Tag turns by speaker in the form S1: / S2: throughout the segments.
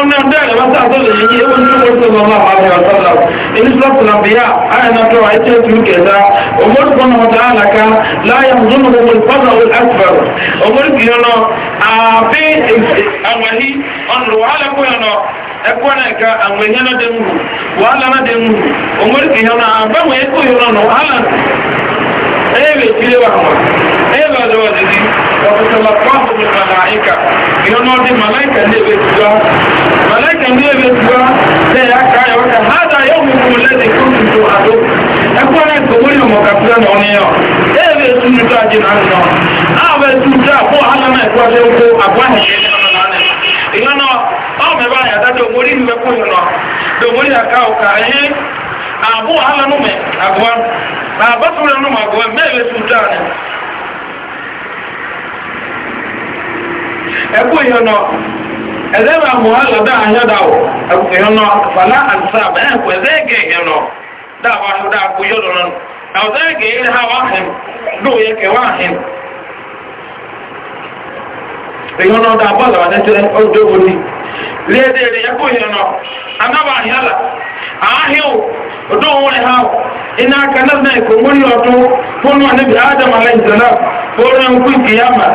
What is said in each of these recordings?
S1: ọmọ ẹgbẹ́ rẹ̀ wọ́n sáà tó lè yí ewu ní ọjọ́ ìwọ̀n máa wà lọ́wọ́ sọ́lá èyí sọ́kù làbíyà àyànà tó wà ètò ìtù kẹta ọmọdúnkọ́ náà ta àlàkà láyà ń dúnmọ̀ gbogbo ìfọ́nà old asphalt ọmọdúnkì yọnà àbí àwàhí ọ̀nà wàhálà kó yọnà ẹkọ́ náà dẹ̀ ń wù wàhálà náà dẹ̀ ń wù ọmọdúnkì yọnà àbáwọn ẹkọ́ yọnà wàhálà ẹ̀yẹ́bẹ̀ ìdílé wà wọn ẹ̀yẹ́bẹ̀ ọ̀dọ̀ wà nídìí ebe tiwa màláìkà ní ebe tiwa lẹ́yìn aka ayọ̀ ọ̀kà hádà yóò mú fún lẹ́dí kóòtù tó àdó ẹ̀kọ́ náà kò wọ́n yóò mọ̀ kàtúrà náà ní yọ ẹ̀yẹ́bẹ̀ ìtúndú tó nọ abu wahala nume aguwa na basu wani nume mewe tuta ẹkú ìyọnà ẹdẹ bá mu hàn lọdọ àyọdàwọ ẹkú ìyọnà fàlà àtúnṣe àbẹ ẹkú ẹdẹ gẹ ìyọnà dàbọ àtúndà àkú yọdọ nù ẹdẹ gẹ ìyọnà ha yẹ léde rẹ̀ yẹ kó yẹn nọ anábà àyàlà àáhìwò odó wọn rẹ̀ ha iná kanáà náà kò mórí ọdún fóònù ànábì ádámà lẹ́yìn tẹ̀lá fóònù ẹ̀kú ìkìyàmà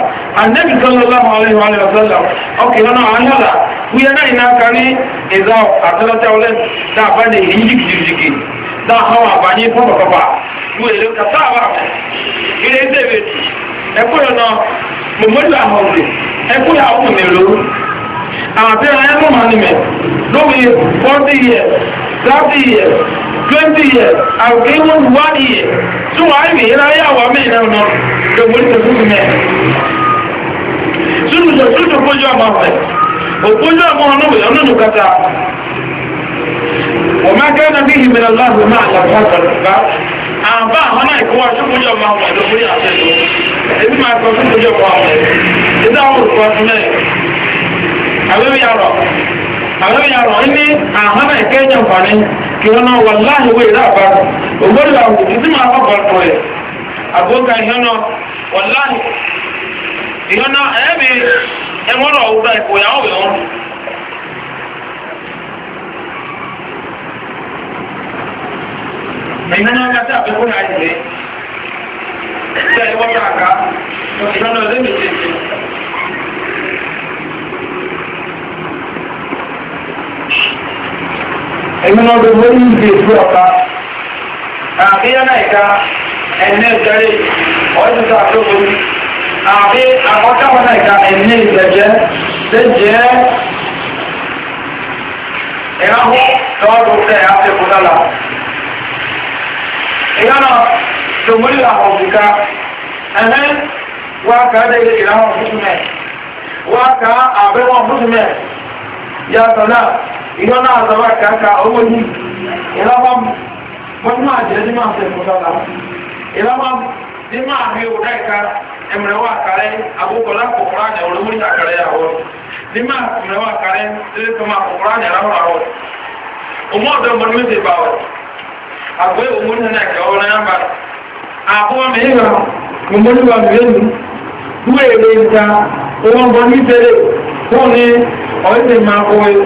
S1: ànábì sọ́lọ́láhùn ọlẹ́yìn wàlẹ́ ọ̀sọ́lá ọkì lọ́nà àyàlà wúyẹ náà iná karí ìzá àtọ́lọ́tẹ́ ọlẹ́ dáàbá lè yí jìkìjìkì dáàbá àbáyé pọ́pọ̀pọ̀pà wúyẹ̀lẹ́ kàtàbà ilé ẹ̀kú yẹn nọ mọ̀mọ́lá àwọn ọ̀rẹ́ ẹ̀kú yà àti ayẹ́mọ̀ mọ̀nìmẹ̀ lóbi forty years thirty years twenty years and even one year tí wọ́n á yìí láyé àwọn mí náà nọ lọ́wọ́ ní tẹ̀sùn mẹ́. Súnú sọ súnú kójú ọmọ ọ̀fẹ́. Òkójú ọmọ ọ̀nà wẹ̀ ọ̀nà nùkàtà. Ọ̀má kẹ́rin bí ìhìmìnà láàbù máa làbọ̀ àgbàlagbà. Àbá àwọn náà kó wá súnkójú ọmọ ọ̀fẹ́ lórí àtẹ̀lú. Èmi máa sọ súnkójú ọmọ ọ̀fẹ́. Ìdáhùn ìfọ̀sùn mẹ́rin àbẹ́bí àrọ̀ àbẹ́bí àrọ̀ ní àhánà ìkẹ́yìn ọ̀fàní kí wọ́n náà wà láàyè wé ìrà àbára ògbórí àwọn ìdí máa bá bàrà rẹ̀ àbúkà ìyọ́nà wà láàyè ìyọ́nà ẹ̀ẹ́bí ẹmọ́rọ̀ ọ̀wúrọ̀ ìkòyàwó ìwọ̀n ìnáná ọjà tí àfikún náà yìí lé tẹ́lẹ̀ wọ́n yà ká
S2: ìnáná ọdẹ́ méjì ẹ̀yìn ọdún
S3: wọ́n ní ìgbè ìgbé ọ̀pá
S1: àbíyàn náà ìka ẹ̀nẹ́ ìjẹrẹ ọ̀ẹ́dùsọ àtọ́kùn àbí àkọ́kọ́wọ́ náà ìka ẹ̀nẹ́ ìjẹjẹ tẹ́jẹ́ ìrànwọ́ tọ́ọ̀dún tẹ́ àtẹ́kùn náà ìyánà tòmúlì àwọn òbíká ẹ̀hẹ́ wá ká délé ìrànwọ́ fúnmẹ́ wá ká àbẹ́wọ̀n fúnmẹ́ yàtọ̀ náà ìjọ náà zama kàkà owó ní ìlọ́pàá mọ́nú àjẹ́ ní máa fẹ́ fọ́tọ́lá ìlọ́pàá ní máa fi òdá ìka ẹmẹ̀rẹ̀wà kàrẹ́ agbókọ̀lá kòkòrò àjẹ́ olómúrí àkàrẹ́ àwọ̀ ní máa ẹmẹ̀rẹ̀wà kàrẹ́ tẹ́lẹ̀ tó máa kòkòrò àjẹ́ ráwọ̀ àwọ̀ òmú ọ̀dọ́ mọ́nú méjì bá wọ̀ àgbẹ̀ òmúrí náà kẹ́ ọ̀rọ̀ náà bá àbúwọ́ mi ìhà
S2: òmúrí wa mi lẹ́nu
S3: dúwẹ̀ èrè ìta owó ń bọ́ ní ìfẹ́lẹ̀ fún ní ọ̀ẹ́sẹ̀ máa kọ́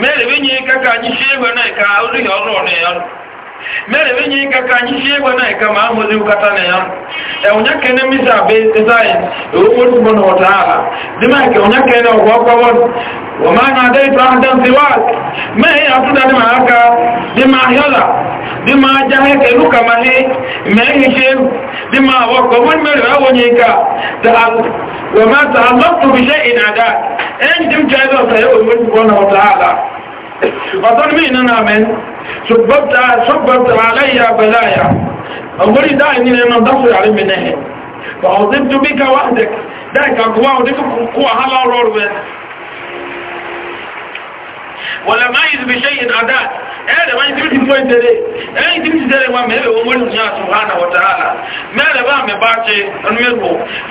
S1: mẹ́rin bí yín kẹ́kẹ́ àyíṣe ìwé náà ìka olùyọ̀ ọlọ́ọ̀nù ẹ̀yọ́ mere wenye ka ka anyị sie egwe na ka ma ahụzi ụkata na ya e, onye kene misa be design owori ugbo na ọta ala dịma ka na adẹ́ta adẹ́tiwá mẹ́rin àtúdá ní màá ká ní máa yọ́lá ní máa jáhẹ́ kẹlú kàmàlé mẹ́rin ṣe ní máa wọ́kọ̀ wọ́n mẹ́rin àwọn yìí ká wọ́n máa tàà lọ́pù bí ṣe ìnàdá ẹni tí ọ̀tọ́nmí náà mẹ́ ṣùgbọ́ta aláyà bẹ̀láyà ọgbọ́rí dáì ní ẹnà dáfẹ́ àrími náà ọ̀tí tó bí ká wá dẹ̀ dáì kàkùwá àhálà ọrọ̀ rẹ̀ wala ma'iz bi shay'in adat eh da mai tibiti ko dere eh tibiti dere wa mele o mun ya subhana wa ta'ala mele ba me bache on ha.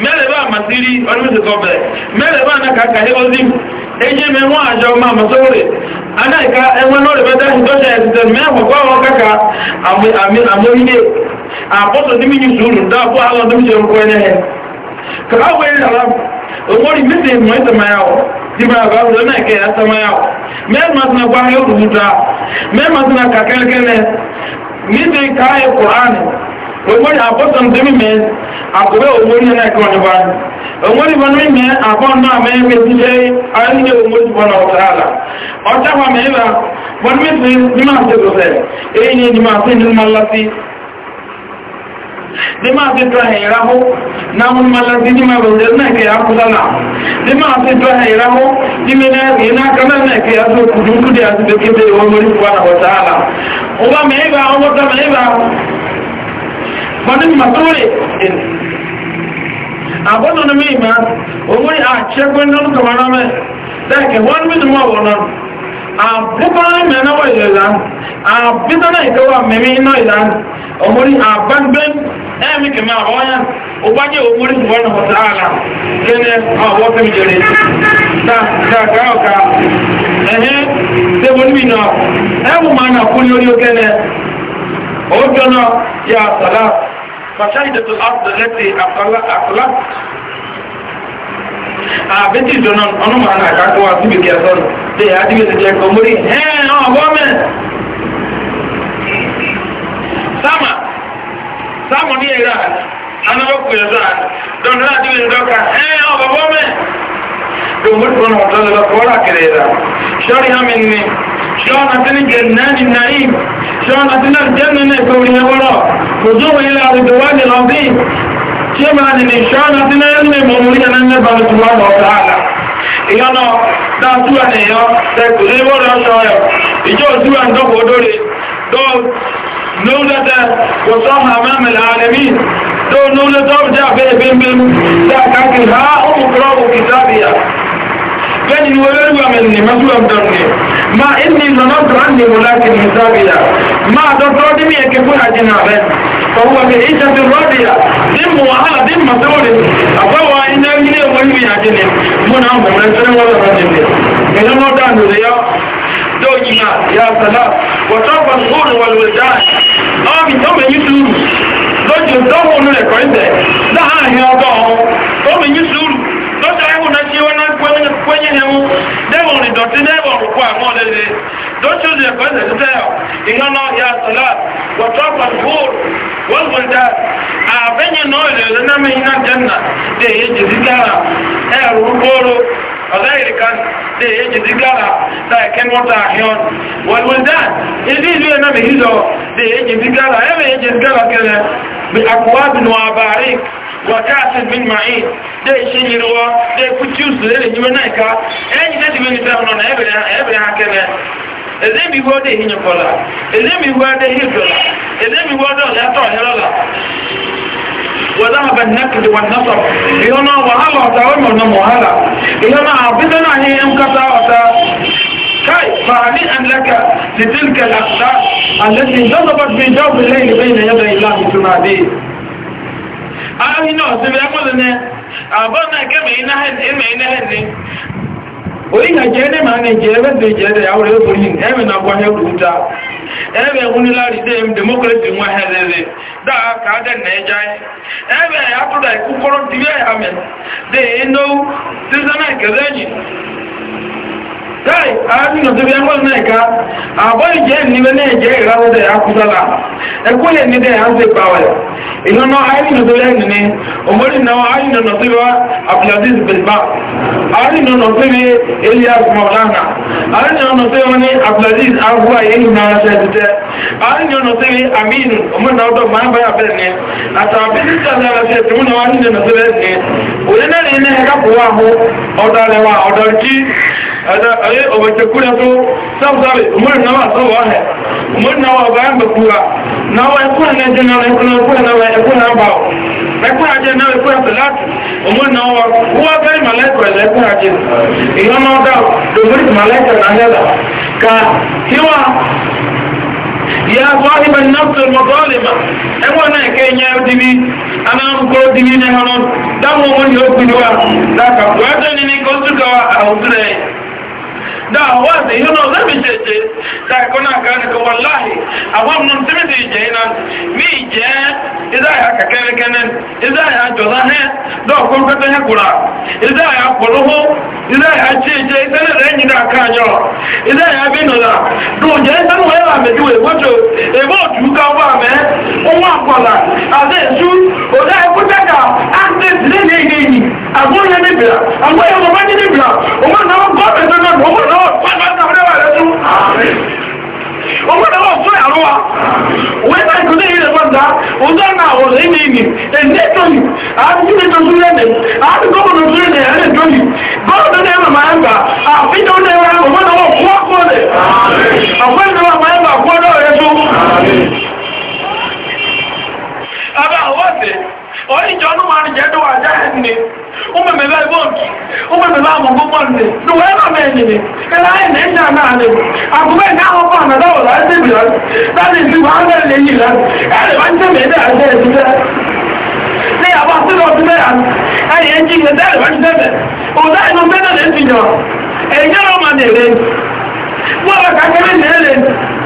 S1: mele ba masiri on mu ko be mele na kaka he ozim eje eh, me eh, wa ajo ma masore ana e wa no le kaka a he dibra ba wo na ke asama ya me ma na gwa he rubuta me ma na ka kelkele ni de ka e qur'an o mo ya bo tan de mi me a ko be o mo ni na ko ni ba o ni ba ni me na me me ti je a ni de o mo ni ba na o taala o ta ma me ba bon ni ma se do ni ni ni ma di máa fi tọ́ ẹ̀ ìráhó náà mọ́lẹ́sí ní máa bẹ̀rẹ̀ náà kẹ́ àkúsánà di máa fi tọ́ ẹ̀ ìráhó ní mẹ́rin náà kanáà náà kẹ́ àtọ́ kùdùkúdì àti bẹ̀kẹ́bẹ̀ ìwọ̀n mọ́rí fún àwọn ọ̀tá náà kọ̀ọ̀rọ̀ àbúkọ́ mẹ́nà wà ìlẹ̀lá àbísánà ìkọwà mẹ́mí iná ìlà ọmọrí àbágbé ẹ̀mí kẹmẹ́ àwọ́yá ọgbájẹ́ ọmọrí ìwọ̀nà ọ̀tààlà kẹ́nẹ́ àwọ́ fẹ́mi jẹrẹ dáadáa ẹ̀hẹ́ tẹ́bọnmínà ẹwù máa nà kú ní orí okẹ́nẹ́ ọjọ́nà yà àtàlá fàṣáìdẹ̀tò àtàlẹ́tì àtàlá àbẹ́tì ìjọ́nà ọ̀nà máa nà àkákọ́wà síbìkẹ́ sọ́nà ṣe àdígbé ti jẹ kòmórí ẹ̀ẹ́n ọ̀gbọ́n mẹ́ sáàmà sáàmù ní ẹ̀rọ anábọ́kù ẹ̀rọ dọ̀nà àdígbé ti dọ́ka ẹ̀ẹ́n ọ̀gbọ́n mẹ́ dòmórí kan ọ̀dọ́ lọ kọ́lá kẹrẹ ẹ̀rọ ṣọ́rí hàmì ni ṣọ́ọ̀nà tí ní jẹ náà ní nàí ṣọ́ọ̀nà tí náà jẹ́ nínú ìkòrí ẹwọ́rọ̀ kò jókòó ilẹ̀ àrùjọ wá ní lọ́bí ṣé ìyọ́nà dáadúwà nìyàn tẹ́kù ní wọ́n lọ́ṣọ́ ẹ̀ ìjọ òjúwà ń dọ́kọ̀ odóre lóòlẹ́tẹ̀ kò sọ́mà mẹ́mẹ̀lẹ̀ alẹ́mí tó lóòlẹ́tọ́ jẹ́ àbẹ́ ìbínbín tẹ́ يعني ولو مني ما تو أبدرني ما إني ظننت عني ولكن حسابيا ما تفرد مي كفون أجنا فهو في عيشة راضية ذم وها ذم مسؤول أفوا إن أجنا وهي أجنا من أم مرسل ولا أجنا إذا ما دانو ليا دوجنا يا سلام وطاب الصور والولدان آمين يوم يسلم lójú tó wọnú ẹ̀kọ́ ìbẹ̀ láàrin ọgọ́ ni mu dẹ́wọ̀ ni dọ̀tí dẹ́wọ̀ rúkú àwọn ọ̀lẹ́lẹ́ dọ́tí oṣù ẹ̀kọ́ ẹ̀sẹ̀ títẹ́ ọ̀ ìyẹn náà yà sọ̀lá wọ̀tọ́ pàṣípòr wọ́n wọ̀ dá àbẹ́yìn náà ìrẹ̀lẹ́ náà mẹ́yìn náà jẹ́ nà dé èyí jẹ̀ sí gára ẹ̀rù gbòòrò ọ̀dáyìí kan dé èjì sí gára láì kẹ́ wọ́ta àhíọ́n wọ̀lúwẹ̀dán ilé ìlú ẹ̀nà mi hìzọ dé èjì sí gára ẹ̀rẹ̀ èjì sí gára kẹrẹ bí àkùwábìnù àbárí wàkáàtì bí màáyì dé ìṣe yìrìwọ́ dé kútíùsù lẹ́rẹ̀ yìí náà ká ẹ̀yìn tẹ́tì bí nìfẹ́ ọ̀nà ẹ̀bẹ̀rẹ̀ ha kẹrẹ èdèmí ìhìnyẹ̀kọ́lá èdèmí wọ́n dé ìhìdọ̀lá وذهب النكد والنصر إلينا وهلا وتعلمنا مهلا إلينا عبدنا هي انقطع كيف فهنيئا لك لتلك الأخلاق التي جذبت في جوف الليل بين يدي الله تناديه آه نوع سبيعمل أنه àbọ́nà kẹ́mẹ̀ ináhẹ́ni orí ìhàjẹ́ ẹni máa ní ìjẹ́ ẹgbẹ́ ìjẹ́ ẹ̀dẹ̀ àwọn ẹgbẹ́ òyìn ẹ̀mìnà gbọ́nyẹ́ kúta ebe unilari dem democracy nwa helele da ka adan na ejai e. ebe atụda ikukọrọ tiwe ya men de eno sizana kezenyi táì àádìyàn tó bí ẹgbọ́n náà ká àbọ́ ìjẹ́ ìníbẹ̀ náà jẹ́ ìráwọ́dẹ̀ akúsọ́lá ẹkú lè ní dẹ̀ áńsẹ̀ pàwẹ̀ ìnáná àádìyàn tó lẹ́nu ní òmórí náà àádìyàn nọ̀ sí wá abdulaziz bilba àádìyàn nọ̀ sí wí elias maulana àádìyàn nọ̀ sí wọn ní abdulaziz agbúwa yẹnu náà ṣe títẹ́ àádìyàn nọ̀ sí wí aminu ọmọdé ọdọ máa ń báyà bẹ́ẹ̀ ni àtàwọn bínísítà náà ṣe tí wọn náà àádìyàn nọ̀ sí lẹ́nu ní òyìnbó ní ẹ̀ká kó wà hó ọ̀dọ̀ rẹwà ye o bɛ kɛ kura to sabu umar na wa sabu wa hɛ umar na wa ba yan bɛ kura na wa ye kura na jɛ na wa ye kura kura na wa ye kura na ba o ɛ kura jɛ na wa ye kura salati umar na wa kuwa bɛri malaika la ye kura jɛ ìyá ma da domori malaika na hɛ ka tiwa ya sahiba nafsu al-mazalima e wona ke nyaaw dibi ana am ko dibi ne hanon damo woni o da wazi yana zami jeje da kuna gane ka wallahi awam nun timi di je ina mi je ida ya ka kene kene ida ya joza he do ko ko to he kura ida ya polo ho ida ya jeje ida na renyi da ka nyo ida ya bi no da do je san we wa me duwe bojo e bo ju ka wa me o wa ni ni bra agun e mo ba ni bra o ma na na na o ma náà pàápàá náà wọlé wà lẹ́tú. Ọgbọ́n náà fún ìyàrá wa. Wọ́n ta ìkúté yìí lè fọ́nta. Ọjọ́ náà wọ̀ lẹ́yìn ìní. Ẹ̀ndé tóyì. Àti jíde tó tún lẹ́nẹ̀. Àti gómìnà tún lẹ́nẹ̀ ẹ̀rẹ́ tóyì. Bọ́ọ̀dù náà yẹ màmá yẹn gbà. Àfihàn náà yẹ wọ́n náà wọ́n kú ọ̀pọ̀ rẹ̀. Àwọn ìnáwó ọ̀yìnjọ́ ọdún wọn jẹ́ tó wà jáde ní umeme bẹ́ẹ̀ bọ́ǹkì umeme bá mọ̀ gbogbo ní lùwẹ́ náà mẹ́rin ní ẹ̀rọ ayé ní ẹ̀jẹ̀ náà ní àgùnbẹ́ ní àwọn ọkọ̀ ànàdá wọ̀ láti ṣèbí lọ láti ṣì wọ́n ń bẹ̀rẹ̀ lẹ́yìn lọ ẹ̀rọ wọn ṣe mí ẹ̀dẹ̀ àṣẹ ẹ̀sìn bẹ́ẹ̀ ní àbá sílẹ̀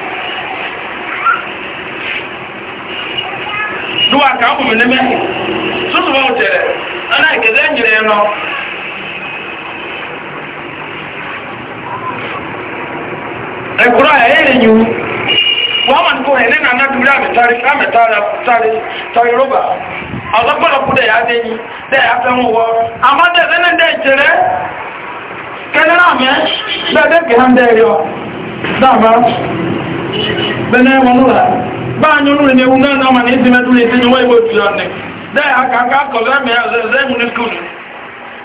S1: duwa ka ọ bụrụ n'ime tụtụ ọ chere ana ekele nyere ya nọ ekuru a yɛyɛ nyu wɔn ma ko hɛnɛ nana duri ametari ametari tari tari roba ɔlɔpɔlɔpɔ dɛ yade nyi dɛ yafɛ ŋu wɔ ama dɛ sɛnɛ dɛ tsirɛ kɛnɛ na mɛ dɛ dɛ gɛlɛn dɛ yɔ dama bɛnɛ wɔn la báyìí olórin ewu náà náà mà ní ìsinmi ẹdún lè sinmi wọ́n ìwé òtún ọ̀nẹ́ dẹ́ àkàkà kọ̀lẹ́ mi ẹ̀zẹ́ mu ní skul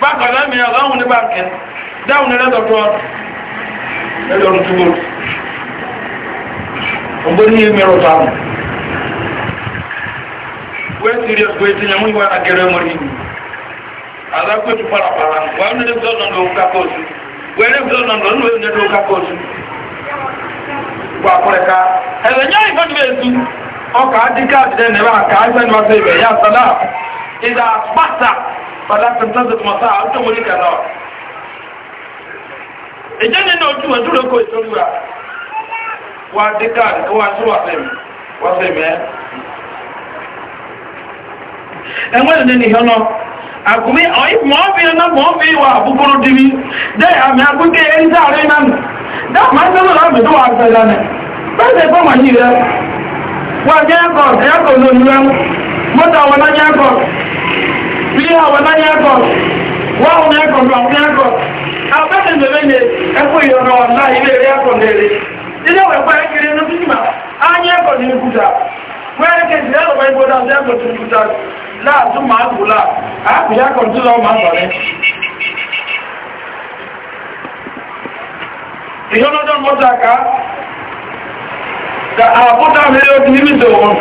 S1: bá kọ̀lẹ́ mi ẹ̀zẹ́ ọ̀hún ní báńkì dáhùn ní lẹ́dọ̀tọ̀ ẹ̀dọ̀rún túbọ̀ ọ̀gbọ́n ní èmi rọ̀ táwọn wẹ́n ti rí ẹ̀kọ́ etí gwa kọrịka ebe nye ezu ọka adị kaadị dị n'ebe a ka ife nmasị ibe ya sada ịza kpasa fada kpemtazị tụmọsa ụtọ nwere ike nọ ìjẹ́ nínú ojú ẹ̀dúró kò ìtòrúwà àkùnmí ọ̀yí mọ́ọ̀fí ọ̀nà mọ́ọ̀fí wà búburú dìbí jẹ́ àmì àkúkẹ́ ẹni sáàrí náà dáàmà sọ́nà láàbì tó wà pẹ̀lá nẹ̀ pẹ́sẹ̀ fọ́mà yìí rẹ̀ wà jẹ́ ẹ̀kọ́ ẹ̀kọ́ lónìí rẹ̀ mọ́ta wọn náà jẹ́ ẹ̀kọ́ bí i àwọn náà jẹ́ ẹ̀kọ́ wọ́n àwọn ẹ̀kọ́ lọ wẹ́rẹ́ kejì yàrá wọ́n ibo dáa ṣẹ́kọ̀ tó kú ta láàtún máa kú là áàpù yàkọ̀ tó lọ máa bàrẹ́. ìyọ́nọ́dọ́ mọ́ta ká ka àbúdá mi ló ti níbi tó wọn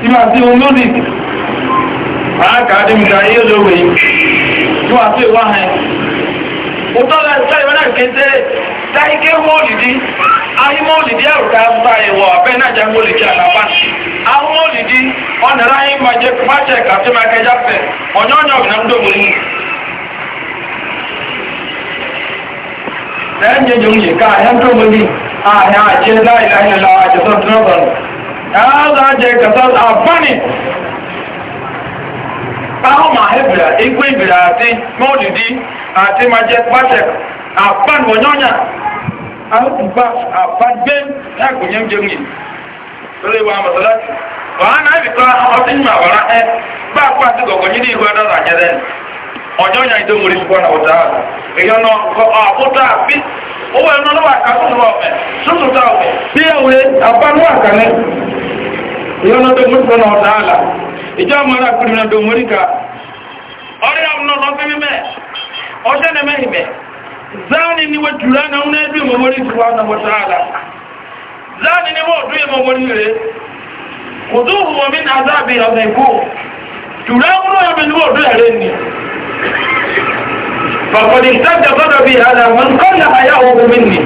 S1: tí máa ti wọn lónìí àákàdé mi ká yé lówó yìí tí wọ́n àti ìwá hàn. òtọ́ lẹ́yìn wọ́n náà kéde táyé ké wọ́ọ̀lì dín ahịma olidi ahụ ka azụta anyị wụ abe na aja ngoliki ala pati ahụma olidi ọ nara anyị maje mache ka tụmaka jafe onye onye ọbụla ndị obodo na enye nye nwunye ka ahịa ndị obodo ahịa aje laịlaịla ajụta drọgọn هذا جاي كتاب أباني báwọn máa hẹ́bìrà igbó ìbìrà àti mọ́ọ̀lìdí àti májẹ́ pàṣẹ àpánìwọ̀nyọ́nyà àbá àbágbé láàgbòyàn jẹun yìí lórí wa mọ̀sálásì wàá náà ibi kan ọtí ń màwàrá ẹ bá a kó àti gọ̀gọ̀ yìí ní ìwé ọ̀dọ́ àjẹrẹ ọjọ́ yẹn ìdóhùn orí fún ọ̀tá èyí ọ̀nà àbúta àbí owó ẹ̀rọ lọ́wọ́ àkàtún lọ́wọ́ ọ̀mẹ́ tuntun tá ọ̀mẹ́ bí ẹ̀wẹ̀ àbánú àkàlẹ́ èyí ọ̀nà tó mú fún ọ̀tá àlà ìjọ ọmọ ẹ̀rọ àkùnrin náà dòmóríkà ọ̀rẹ́ àwọn ọ̀nà ọ̀fẹ́ mímẹ́ ọ̀ṣẹ́ zani ni wa tulana una bi mo mori subhanahu wa ta'ala zani ni wo du mo mori re khuduhu wa min azabi adhibu tulana ya min wo du re ni faqad ihtajja ghadabi ala man qalla hayahu minni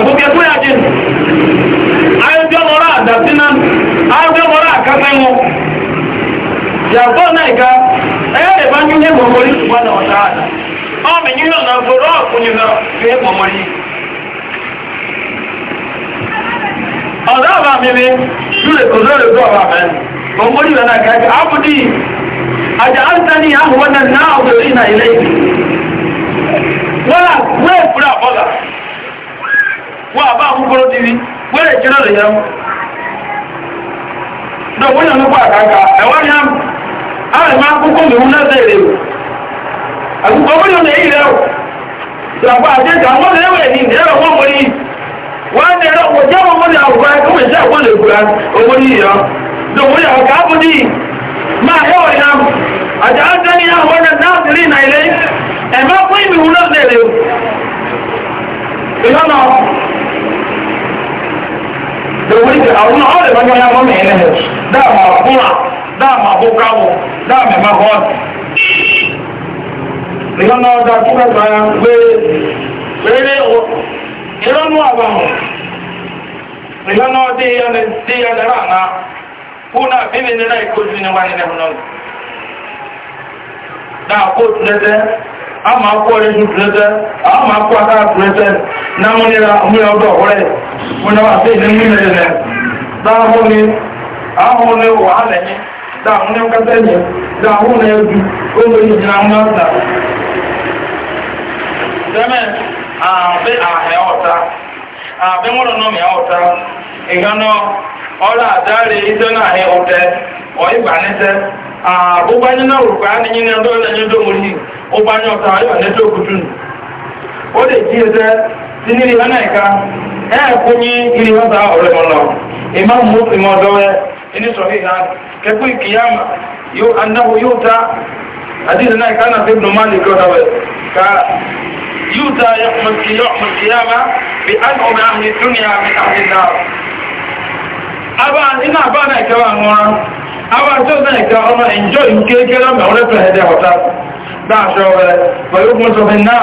S1: ago bi ko ya jin ayo bi mo ra da tinan ayo bi mo ra ka tan wo ya to na ga
S2: fẹ́ pọ̀mọ́ yìí
S1: ọ̀dọ́ ọ̀bá mi ni lórí òzòrò tó ọ̀bá mẹ́ pọ̀mọ́ yìí lọ́nà kẹ́kẹ́ àbúdí àjà áńtání àhùwọ́n náà náà òbèrè náà ilé na wọ́n là wọ́n èkúrà bọ́là wọ́n ìgbàgbọ́ àjẹ́jà wọ́n lè wẹ̀ ní ìdẹ́rẹ̀ wọ́n mọ́ ní wọ́n ní ẹ̀rọ kò jẹ́ wọn mọ́ ní àwùgbà tó wẹ̀ sí àwọn olùgbà owó ní ìyá lòun yà ká bó ní máa yẹ wọ̀ iná àjà ájá ní àwọn ọ̀nà náà sí rí ìnà ilé ẹ̀mọ́ fún ìmì wúlò lèrè ìyọ́nà
S2: lòun ní àwọn ọ̀rẹ́ mọ́jọ́ yá mọ́ mi ẹ̀lẹ́
S1: dáàmà àbúrà dáàmà àbúkáwọ̀ dáàmà ẹ̀mọ́ ìlànà ọjà tó rẹ̀gbà pé rere ìlànà àbáhùn ìlànà ọdí ìyànlẹ̀rà náà kúnà bíbí nínú ìkójú ní wáyé lẹ́mùnà náà kó tẹ́tẹ́ a máa kó orí ju tẹ́tẹ́ a máa kó akára tẹ́tẹ́ náà mú níra mú ọdọ̀ ọ̀rẹ́ mú náà wà sí ìlú mímẹ́rẹ̀ náà dáhùn ni àhùn ni wà lẹ́yìn da wani kasar ne da wani ya bi gbogbo yi jina mọ́ta dẹ́mẹ̀ àbí àhẹ́ ọ̀ta àbí wọ́n lọ́nà mẹ́ ọ̀ta ìgbàna ọlá àdáre iṣẹ́ náà hẹ́ ọ̀tẹ́ ọ̀ìgbà nẹ́tẹ́ àbúgbà nínú òrùkà ní yínú ẹ̀dọ́ ẹ̀yìn tó múlí ó bá ní ọ̀ta ayọ̀ ní tó kùtù ó lè jí ẹsẹ́ sí ní ìrìnà ẹ̀ka ẹ̀ẹ́kú ní ìrìnà ọ̀rẹ́ mọ́lọ ìmá mú ìmọ̀ ọ̀dọ́wẹ́ ini sahih hali kẹ́kọ́ ìkìyàmà yóò anáwó yóò ta àdínà náà kánà fẹ́ bùnú máa lè kọ́ dáwẹ̀ ká yóò ta yọ̀mùkìyàmà bí án ọmọ àmì dúnìyà mi àmì náà abá iná àbá náà ìkẹwà wọn abá tó náà ìkẹ ọmọ ìjọ ìkéèké lọ́mọ̀ ọ̀rẹ́ pẹ̀lẹ́ dẹ̀ ọ̀tá dáàṣọ rẹ̀ pẹ̀lú mọ́sọ̀fin náà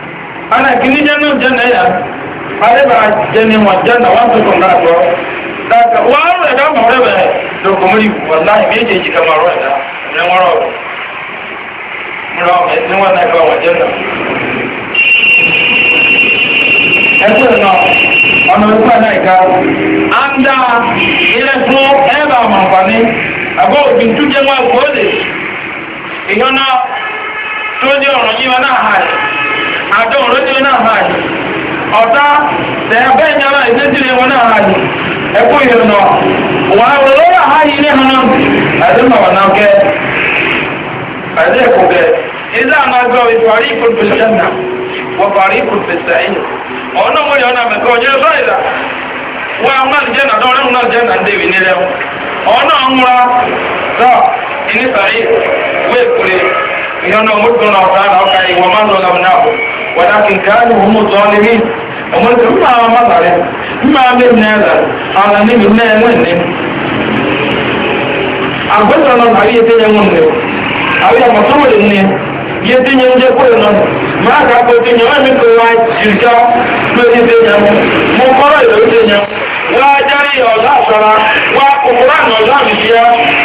S1: ana kini jana jana ya ale ba janni wa janna wa to ko ngato daga wa re da mo re be do ko muri wallahi me je ji kamar wa da ne waro mura me ne wa na ka wa janna ẹgbẹ́ náà ọ̀nà ìpá náà ìka a ń dá ilẹ̀ fún ẹ̀bà àmàǹfààní àbọ̀ òbí tó jẹ́ wọn kó lè ìyọ́nà tó jẹ́ ọ̀rọ̀ yíwọ́n náà hàì àjọ òrójú náà hàn ọ̀tá tẹ̀ẹ̀bẹ́ ìyára ìdẹ́jìlẹ̀ wọn náà hàn ẹkú ìrìnà wà lórí àháyí ní hàn àdúmọ̀wà náà kẹ́ àdẹ́kù bẹ́ ilé ànágbọ́ ìfàrí ìkùnfẹ̀ sẹ́nà wọ́n fàrí ìkùnfẹ̀ sẹ́yìn ọ̀nà mọ́lẹ̀ ọ̀nà mẹ́kọ́ ọjọ́ sọ́ìlà wọ́n àwọn àlìjẹ́nà dọ́rẹ́hùn náà jẹ́nà débi nílẹ̀ ọ̀nà ọ̀nà tọ́ ìnífàrí wẹ́ẹ̀kùnrin ìyọ́nà ọmọdún náà ọ̀tá náà ọ̀ka ìwọ̀n máa ń lọ ولكن كانوا هم الظالمين ومن ثم ما ظلم ما من هذا على نبي من هذا agbẹ́sàn náà àrí ètè yẹn wọn lè àrí àmọ̀tọ́wò lè ní yé tí yẹn jẹ́ kó lọ máa kàkó tí yẹn wọ́n mi kò wá jìrìkà lórí ètè yẹn mú kọ́rọ̀ ìlú ètè yẹn wá járí ọ̀lá àṣọra wá kòkòrò àná ọ̀lá mi yá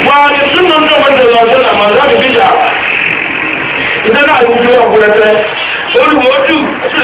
S1: wá ní súnmọ́ ní ọmọdé lọ́sẹ̀ làmọ̀lá mi bíjà ìdáná àyùkú ọ̀pọ̀lọpọ̀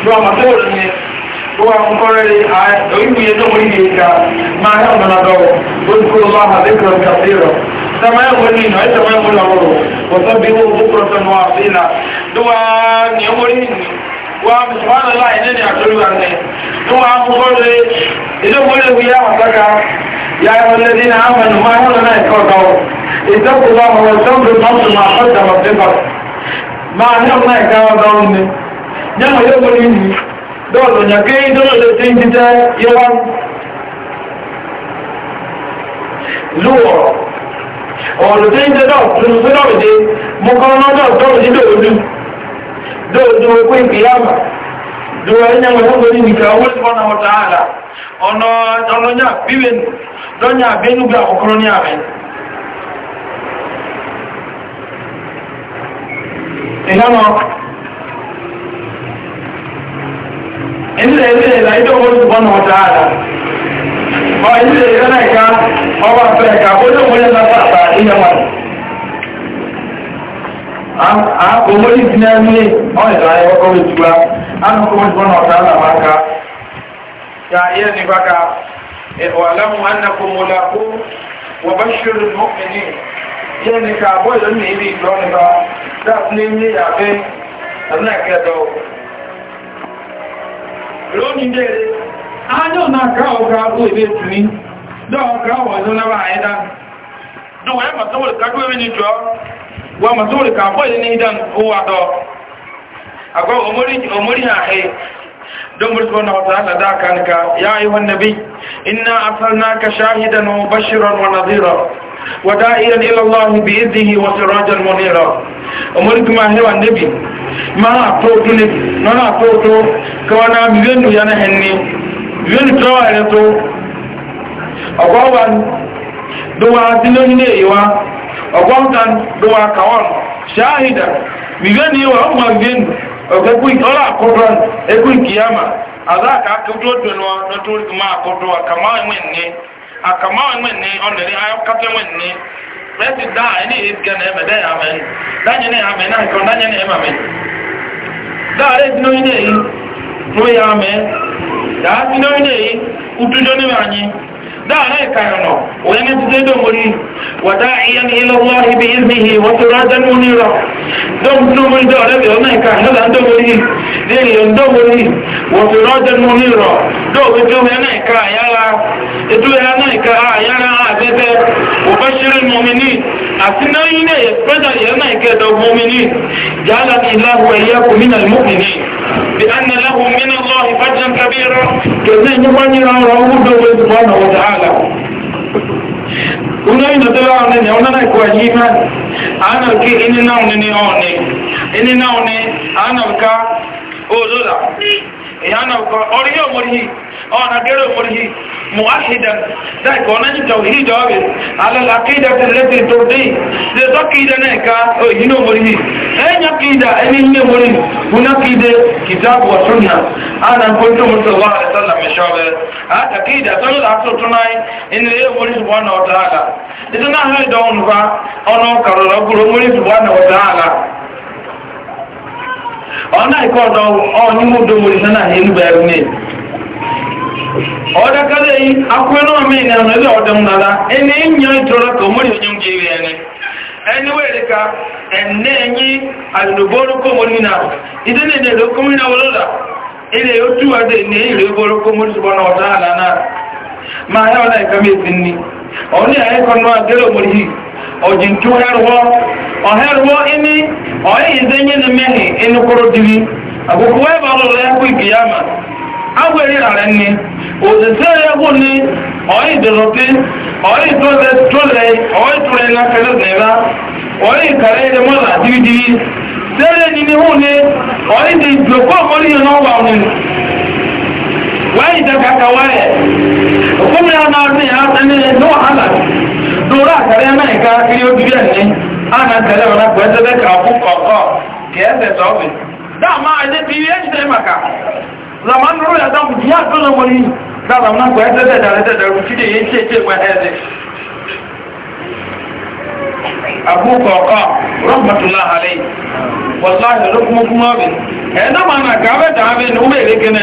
S1: lọ́wọ́ àmàtọ́wọ̀ yẹn lọ́wọ́ àkọ́kọ́rẹ́ òyìnbó yẹn tó mú ní ìka máa yà ọ̀nà lọ́wọ́ olùkọ́ lọ́wọ́ àbẹ́kọ̀ọ́ kàfíìrọ̀ sàmáyà wọlé ìnà ẹ̀ sàmáyà wọlé ọ̀rọ̀ wọ́sọ́ bí wọ́n kó kúrọ̀tọ̀ nù àfihàn lọ́wọ́ ni ó wọlé ìnì wa mùsùlùmí láì ní ní àtúrúwà ní lọ́wọ́ àkọ́kọ́rẹ́ ilé wọlé wíyá àtàkà يا أيها الذين آمنوا ما هو لنا إكراه اتقوا الله وانتظروا نفس ما قدمت لكم ما هي لنا إكراه nyama yóò wọlé yìí dọ́ọ̀lù nyàké dọ́ọ̀lù tí ń títẹ́ yọwọ́ lúwọ̀ ọ̀lù tí ń tẹ́ dọ́ọ̀lù tí dọ́ọ̀lù tí mo kọ́ ọ́nà dọ́ọ̀lù tí dọ́ọ̀lù dọ́ọ̀lù okú ìkìyàmà dọ́ọ̀lù nyama yóò wọlé nìkà owó ìfọ́n náà wọ́ta àlà ọ̀nà ọlọ́nyà bíbẹ̀nù dọ́nyà bẹ́nu ilé ilé ìlàjọ́ owó ṣùgbọ́n náà dáadáa ọ ilé ìlú náà ká ọba fẹ́ ẹ̀ka olóòwò yẹn lọ́pàá àgbà ìyẹn wọn àkọ̀wé ìdílé ilé ọ ìlà ẹ̀kọ́ ìtura ánùkọ́ ìṣùgbọ́n náà dáadáa máa ká ya iye ní bàkà ìwàlámù annakum mulaku wa bashiru mu'minin yẹn ní ká bọ́ọ̀lù ní ilé ìjọ nípa dáàbí ní ilé àbẹ́ ẹ̀mí àkẹ́dọ̀ọ́ lónìí bẹ̀rẹ̀ ájọ́ náà ká ọgá ó ìbẹ̀ tù ní dọ́ọ̀ká wà ló lábà àyẹ́dá dùwẹ̀ mọ̀sánwòrì ká gbé ní jọ wà mọ̀sánwòrì ká bọ́ ní ìdán owó àdọ́ àgbọ́ omori àhẹ́ دمر سبحانه وتعالى ذاك يا أيها النبي إنا أرسلناك شاهدا ومبشرا ونظيرا وداعيا إلى الله بإذنه وسراجا منيرا أمرك ما هو النبي ما أطوت نبي ما أطوت كوانا بيونو ينهني بيونو كوانتو أقوان دوا دلوني إيوا أقوان دوا كوان شاهدا بيونو إيوا أما بيونو ọ̀gẹ́gùn ìtọ́lá àkọ́dọ́ ẹgbùn kìíyàmà àdáàkà akẹ́kọ̀ọ́ tó ní wọn lọ́tọ́ máa àkọ́dọ́ àkàmáwìn ní akama wọn ŋmɛn ni ɔnani akatɛ ŋmɛn ni rɛsi daa ɛni ebiga na ɛmɛ dɛyɛ amɛ danyɛ ne amɛ na akɔ danyɛ ne ɛmɛ amɛ daa rɛsi n'oyi ne yi n'oyi amɛ daa si n'oyi ne yi utudzo ne bɛ anyi. دعنا كارنو ولم تزيد مري وداعيا إلى الله بإذنه وسراجا منيرا دم نمر دارا بيونا كارنا لان دمري دين يندمري وسراجا منيرا دو بجوه أنا كايالا إجوه أنا كايالا عبدا وبشر المؤمنين أسنا إنا يسبدا ينا كدو مؤمنين جعلني الله وإياكم من المؤمنين بأن لهم من الله فجا كبيرا كذلك يبني رأوه سبحانه وتعالى Una ina unaina dala onene onana kwa yiman ana ki ona ne ina inina one ana ka ozola yana ko oriyo murhi ona gero murhi muwahida dai ko nan tauhid awe ala alaqida allati turdi de zakida ne ka o hino murhi eh yakida ani hino murhi kuna kide kitabu wa sunna ana kuntu sallallahu alaihi wasallam shabe hata kida sanu da so tunai in le murhi subhanahu wa ta'ala idana ha don fa ono karara guru ọ̀nà ìkọ́dọ̀ ọ̀nyí mú domori sánà ìlú bẹ̀rù ní ọ̀dá kálẹ̀ yìí akwẹ́ náà mí ní ọ̀nà ilé ọ̀dọ̀ múnadá ẹni ẹni ẹni wẹ̀rẹ̀ ka ẹ̀nẹ́ ẹ̀yìn àdùnbórúkọ ní ilé ọ̀dá máa yá náà yìí ojintu herwo oherwo ini oyi izenye ne mehi ini koro diri agogo eba lolo ya ku ikiyama agweri rare ni ozese ewu ni oyi deloti oyi tole tole oyi tole na kele zera oyi kare ile mola diri diri sere ni ni hu ni oyi di joko omori yi na ọwa ni wáyé ìdẹ́kàkà wáyé òkú mi àwọn ọdún yà á sẹ́ni ní wàhálà ìnura àkàrẹ náà ká ilé ojúlé ẹ̀ní àná tẹ̀lé wọn pẹ̀lú kà fún kọ̀ọ̀kọ̀ kẹ̀ẹ́sẹ̀ sọ́ọ̀bì dáàmà ẹ̀dẹ́ ti ilé ya zamu ji ya tsola wani da ya ce ba hede abu kọ̀ọ̀kọ̀ rahmatullah alayhi wallahi rukun kuma bin ẹ̀nà ma na kàwé dàbí ní ọmọ èrè kẹ́nà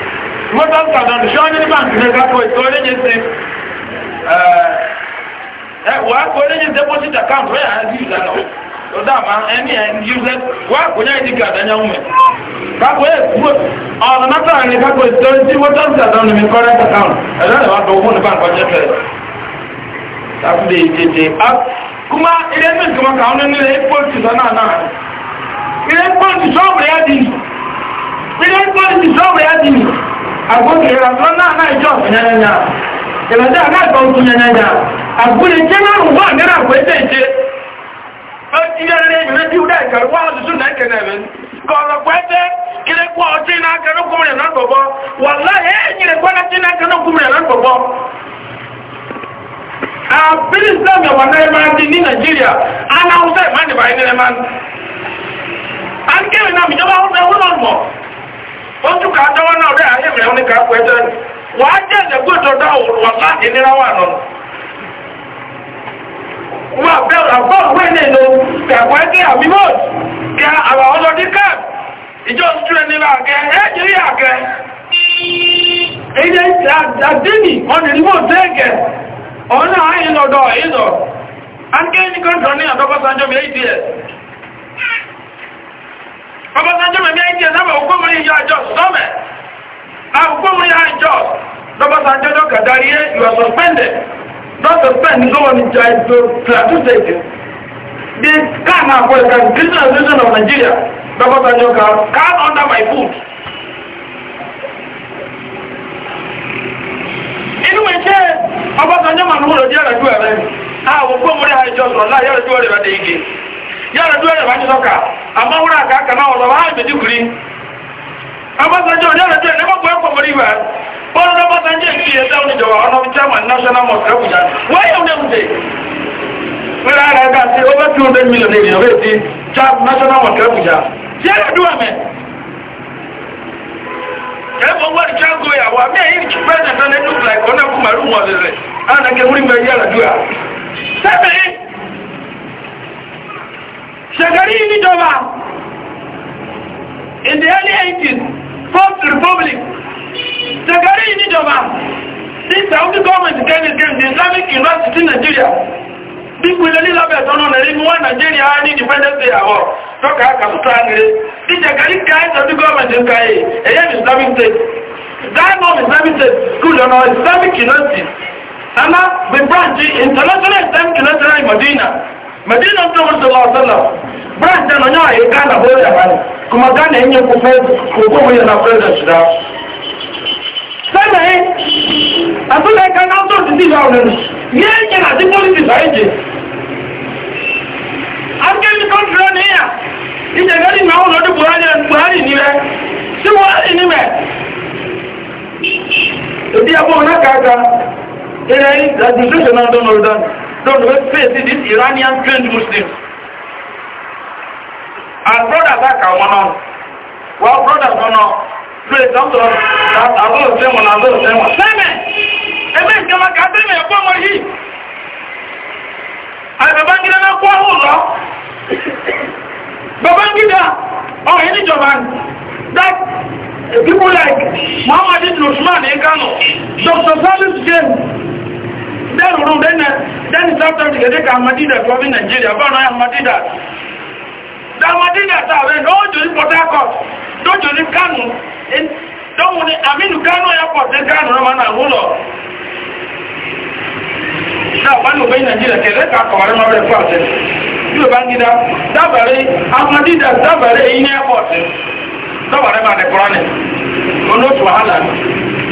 S1: mọ́tàn kàdánù ṣọ́ọ́nì ní báńkì ní ká kọ ìtọ́ oríyìn sí wà á kọ oríyìn deposit account wẹ́yà á sí ìlànà ọ̀dà àmà ẹni ẹ̀ ní user wà á kọ ní àìdí kàdánù ọmọ ẹ̀ kákọ ẹ̀ kú ọ̀nà mọ́tàn ní kákọ ìtọ́ sí mọ́tàn kàdánù mi current account ẹ̀rọ ìwà tó fún ní báńkì ọjọ́ fẹ́ láti lè tètè kuma ilé mẹ́rin kọ́mọ́ kàwọn nínú ilé pọ́ọ̀tù sọ́nà náà ilé pọ́ọ̀tù sọ́ọ̀bù yá dì ilé pọ́ọ̀tù sọ́ọ̀bù yá agbóhùn ìrà lọ náà náà ìjọ ìyẹnẹnyà ìrẹ̀dẹ́ aláìkọ̀ òkú ìyẹnẹnyà agbóhùn ìjẹ́ náà wà nínú àgbẹ̀ ìjẹ́ ìjẹ́ ìyẹnẹnyà ìrẹ̀dẹ́ ìwúdà ìkàrùwá ọdún náà kẹ̀lẹ̀ kọ̀ọ̀lọ̀pẹ́tẹ́ kílé kọ́ ọtí náà kẹ́lú kúmìnà náà gbọ̀gbọ́ wà láyé ẹ̀yìnlẹ̀ kọ́lá tí ojú ká dáwọ́ náà rẹ̀ ayé mẹ́rin ní káàkó ẹjọ́ ni wà á jẹ́ ẹ̀lẹ́gbẹ́ ìjọdá òwúrọ̀ wà láti nira wà nọ wà bẹ́ẹ̀ àgbọ̀n wẹ́ ní ìlú kẹ̀kọ́ ẹgbẹ́ àmì wọ́ọ̀d kẹ àwọn ọlọ́dí káàd ìjọ ojú ẹni làgẹ ẹ̀jẹ̀ rí àgẹ ilé àdínì ọ̀nà ìlú tẹ́ẹ̀gẹ̀ ọ̀nà àyìn lọ́dọ̀ ìlọ̀ ọba sanjọ́ mẹ́mí àìtí ẹ̀sábà ògbómọ̀rí ìyá àjọ sọ́mẹ̀ àgbómọ̀rí àjọ lọ́ba sanjọ́ lọ́kà darí ẹ́ you are suspended not suspend no one is trying to plateau state the car na for the of nigeria lọ́ba sanjọ́ ká car under my foot inú ẹ̀ṣẹ́ ọba sanjọ́ mọ̀ nínú rẹ̀ díẹ̀ rẹ̀ ju ẹ̀rẹ́ àwọn ògbómọ̀rí àjọ sọ̀rọ̀ láyé rẹ̀ ju ọ̀rẹ́ rẹ̀ dé yàrá dúró rẹ̀ bá ní sọ́kà àmọ́ wúrà kàkà náà ọ̀rọ̀ wáyé méjì kùrí amọ́sánjọ́ yàrá dúró rẹ̀ mọ́kùnrin pọ̀ mọ́rí wa bọ́ọ̀lù náà mọ́sánjọ́ ìfi ẹ̀dá oníjọba ọ̀nà chairman national mosque ẹ̀kújà wáyé ọ̀nà ẹ̀mùsẹ̀ wíwá rẹ̀ ká sí over two hundred million èèyàn wéé sí chairman national mosque ẹ̀kújà yàrá dúró mẹ́ ẹ̀fọ́ wọ́n ti jágó ìyàwó àmì ẹ̀yìn pẹ́ẹ́sì ṣẹ̀gẹ̀rí níjọba in the early 80s Fourth republic ṣẹ̀gẹ̀rí níjọba tí saudi government kẹ́nìkẹ́n the islamic university nigeria bí pínlẹ̀ lílọ́bẹ̀ tọ́nà rẹ̀ ní wọ́n nigeria ní independence àwọ̀ tọ́ka kàmùsá nìrí tí ṣẹ̀gẹ̀rí káyé saudi government ń káyé ẹ̀yẹ́ islamic state diamond islamic state school ọ̀nà islamic university ama gbẹ̀gbọ́n branch international islamic university in medina madina tó ń sọlọ sọlọ brian tẹnu ní ọ̀yẹ́ ghana bó yà bá ní kùmà ghana ẹ̀yẹ kókó kókó wọ́n yẹ na president ṣùdá. sẹ́mi àtúnlẹ̀ kankan tó ti di ìlú àwọn ẹni yẹ́ ẹ̀yẹ náà ti pólítì sáyé jẹ. akẹ́mi kọ́ńtì rẹ̀ níyà ìjẹ̀gẹ́ ní ìnáwó lọ́dún buhari buhari nílẹ̀ sí wọ́n rí níbẹ̀. èdè abọ́ ọ̀nà kàkà ilẹ̀ ìdàgbàsókè náà dọ́nà ọ̀dọ́nà don't wait facing these Iranian trained Muslims. And brothers are our man, Well, brothers are not. Pray something that I will say one, I will say one. Amen! Amen! Kama katime ya kwa hii. Amebangira na kwa hulo. Babangira. Oh, any German, That people like Muhammad Ibn Usman in Kano, Dr. Salis James, they're South Africa dịka Amadida tụọbi Nigeria bụ ọnụ ya Amadida. Da Amadida taa wee na ojo ní Port Harcourt, dojo ní Kano, dọ́mù ní Aminu Kano ya pọ̀t ní Kano rọ́mà na ụlọ. Da Bani Obey Nigeria kere ka akọwara ma bẹ̀rẹ̀ pọ̀t. Yóò bá ń gida, dábàrí Amadida dábàrí eyi ní airport. Dọ́bàrí ma dẹ̀kọ́rọ́ ni, onótù wàhálà.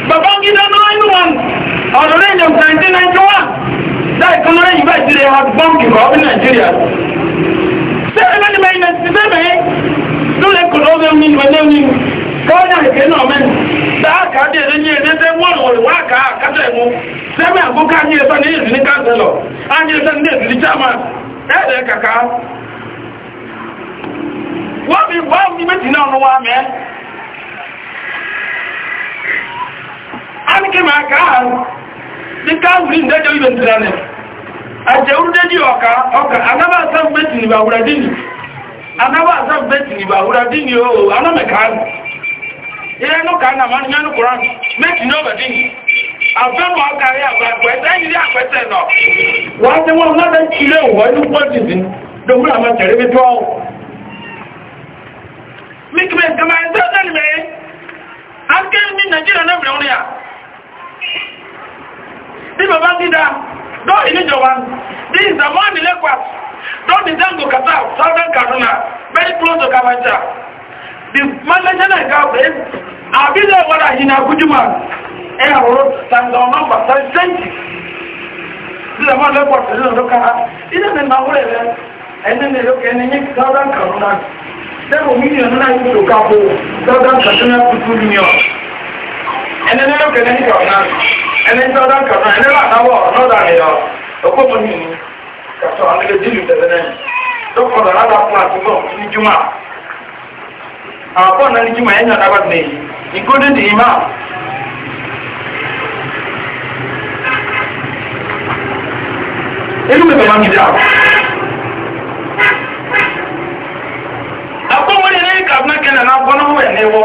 S1: Babangida náà inú wọn, ọ̀rọ̀ rẹ̀ ní 1991. like ọmọ lẹ́yìn bá ìdílé hard bank ìwà ọdún nàìjíríà ṣé ẹgbẹ́ ni mẹ́rin náà ti bẹ́ẹ̀ lórí kò lọ́wọ́ ẹ̀mí ìwé lẹ́mí kọ́ọ̀nà ìgbé náà mẹ́rin dáàkà dé ẹ̀rẹ́ ní ẹ̀rẹ́ tẹ́ wọ́n wọ̀rẹ̀ wá kà á kátà ẹ̀mú sẹ́mi àgbókà ní ẹ̀sán ní èsì ní káńsẹ̀lọ̀ á ní ẹ̀sán ní èsì ní chama ẹ̀rẹ́ kàkà wọ́n mi wọ́n mi méjì náà tí káwùrí ìdájọ́ ibẹ̀ ìtìlànẹ̀ àjẹ́rúdẹ́dì ọ̀ká ọkà anábàásán bẹ́tì ní bàwúradínì anábàásán bẹ́tì ní bàwúradínì ooo anọ́mẹ̀kàánù ìrẹ́nù kàánà máa ń yánú kùránù méjì ní ọ̀bẹ̀dínì àfẹ́nù ọkàrí àgbàgbẹ̀ẹ́sẹ́ ìrí àpẹ́sẹ̀ náà wọ́n tí wọ́n ebe ilé ìwọ̀ inú pọ́jìdì dókúrà máa tẹ̀rí bí tọ́ Mikimẹ̀ ìgbẹ̀mẹ̀ ẹ̀sẹ́ ya. tí bàbá ti dá don't religion one this is the one in Lekwas don't the Zango Qatar Southern Kaduna very close to Kabacha the manager na gafe abila wada hina gujuma ẹ ọ̀rọ̀ sanga nọmba sẹ́ńtì a máa lẹ́kọ̀ọ́ sí lọ́dọ́ ká ilé mi máa wúlẹ̀ rẹ ẹni mi lókè ẹni ní Southern Kaduna sẹ́wọ̀n mílíọ̀nù náà yìí lò ká ẹni tí ọdún kan náà ẹni lànàwọ̀ ọ̀nọ́dà nìyọ ọkọ̀ mọ̀ nìyí kàtọ́ àlejò dìlù tẹ̀lé náà dọ́kọ̀ lọ́la dà fún àti mọ̀ ní jùmọ̀ àwọn náà ní jùmọ̀ ẹ̀yìn ọ̀dà bàtà nìyí ìgbóni dì í máa. Èyí mi bẹ̀rẹ̀ ọ̀nìyà. Àpò wọlé ní kàbínà kẹlẹ̀ náà gbọ́nà wẹ̀ ní wọ́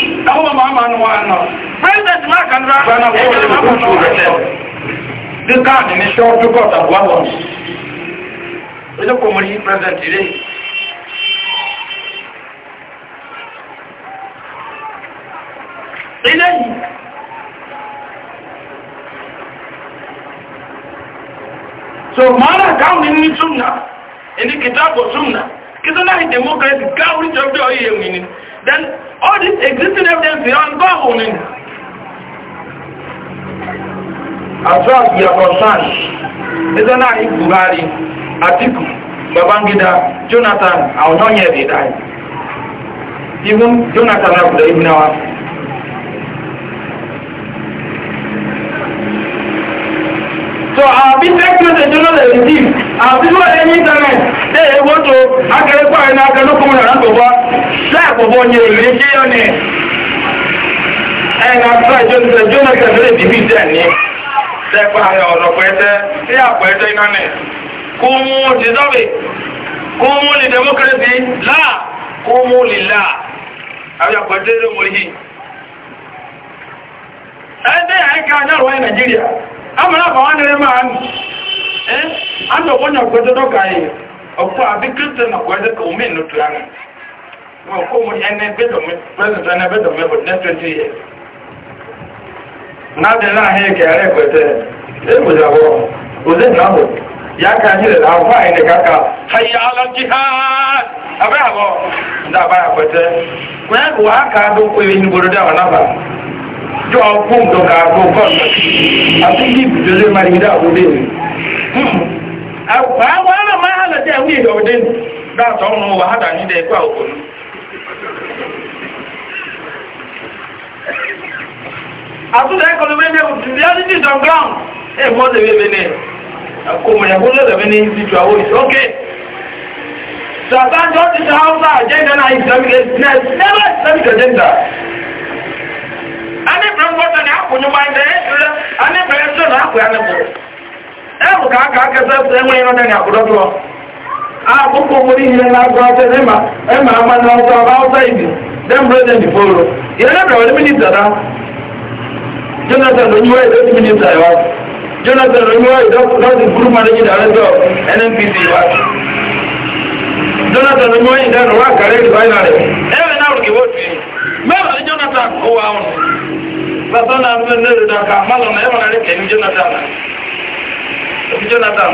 S1: President Mark Andra Bana This card in the short at one once. Ilé kò mọ̀ ní President Ire. Ilé yìí. So, mọ́nà káwọn ní ní Súnà, ẹni kìtàbọ̀ Súnà, kí tó náà ìdèmókírẹ́sì káwọn ní jọ bí ọ̀yẹ́ ìwìn ni. Then all this existing evidence beyond God only.
S4: As far as we are concerned,
S1: it's Atiku, Babangida, Jonathan, our non they die. Even Jonathan have the Ibn Awas. So our big sectors they general not receive. Our people at any internet, they want to, I can't find, I cannot come around to work. láàpọ̀pọ̀ onye ìlú ìṣe yọ ni ẹ̀yìn afẹ́ ìjọ́sẹ̀ jonathan lè dìbì jẹ́ ní sẹ́pà ọ̀rọ̀ pẹ́ẹ́tẹ́ sí àpẹ́ẹ́tẹ́ iná nì kó mú dìzọ́bì kó mú democracy láà kó mú lè àpẹ́ẹ́tẹ́ ló mọ̀ yìí àìkà wáyé nàìjíríà àbí kírísítẹ̀ wọn kó mu ẹni bẹ́dọ̀ mi president ẹni bẹ́dọ̀ mi for the next twenty years. náà dín náà hẹ́ kẹ́ ẹ̀rẹ́ pẹ̀tẹ́ ẹ̀gbẹ̀dẹ̀ wọ òde náà bọ̀ yà ká yìí lẹ̀ àwọn fáyìn ní kàkà hayà alọ́ jihad abẹ́ àbọ̀ ndà bá yà pẹ̀tẹ́ wọ́n yà kó wà á kà á dó kó ebi níbo dé àwọn náà jọ ọgbọ́n tó kà á de kọ́ọ̀tù àti yìí bìjọ́lé marigida àbúdé mi. Hmm. àwọn àwọn àmà hàlẹ́ tẹ̀ wíyẹ̀ ọ̀dẹ́ni dáàtọ̀ ọ̀nà wàhálà nídẹ̀ẹ́kọ́ àwọn òkòlù. àtúnṣe ẹkọlùmí ní reality is on ground ẹ mọ́ ṣe wébe ní ọkùnrin ìyàwó lọ́dọ̀bí ní ìdíjú àwọn ìṣókè sàtàjọ́ ti ṣe hausa agenda na islamic business never agenda a ní bẹ̀rẹ̀ mọ́ta ní máa ń dẹ̀ a ní bẹ̀rẹ̀ na ní akpụkpọ nwere ihe na-agụ ọcha n'ịma ịma ịma ama na ọcha ọba ibi dem brother ndi foro yẹn lẹbi ọdún na. jonathan onyiwa ìdọ́tí mínísítà yẹn wá jonathan onyiwa ndị nnpc wá jonathan onyiwa ìdánù wá kàrí ìdíwáyà rẹ ẹ̀rẹ̀ náà rògbè wọ́n tì í mẹ́wàá ni jonathan ụwa wa ọ̀nà bàtà náà ń bẹ̀rẹ̀ lẹ́rẹ̀ dàkà mọ́lọ̀ náà na jonathan na jonathan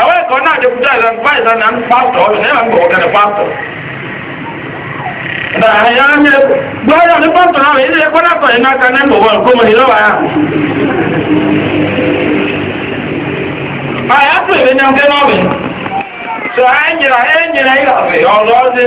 S1: àwọn ẹ̀kọ́ náà jẹ́ kúta ìlànà five thousand pásítọ̀ ọ̀rọ̀ náà ń bọ̀ ọ̀gá ní pásítọ̀. Ìdàgbàyà ń lé gbọ́dọ̀ ní pásítọ̀ náà ilé ẹ̀kọ́ náà kọ̀ iná kan náà ń bọ̀ wọ́n kó mọ̀ ìlọ́wà yá. Àyà tó ìwé ní ọgbẹ́ náà wẹ̀. Sọ ẹ̀yìnrà ẹ̀yìnrà ìlàfẹ́ ọ̀rọ̀ ọ̀dẹ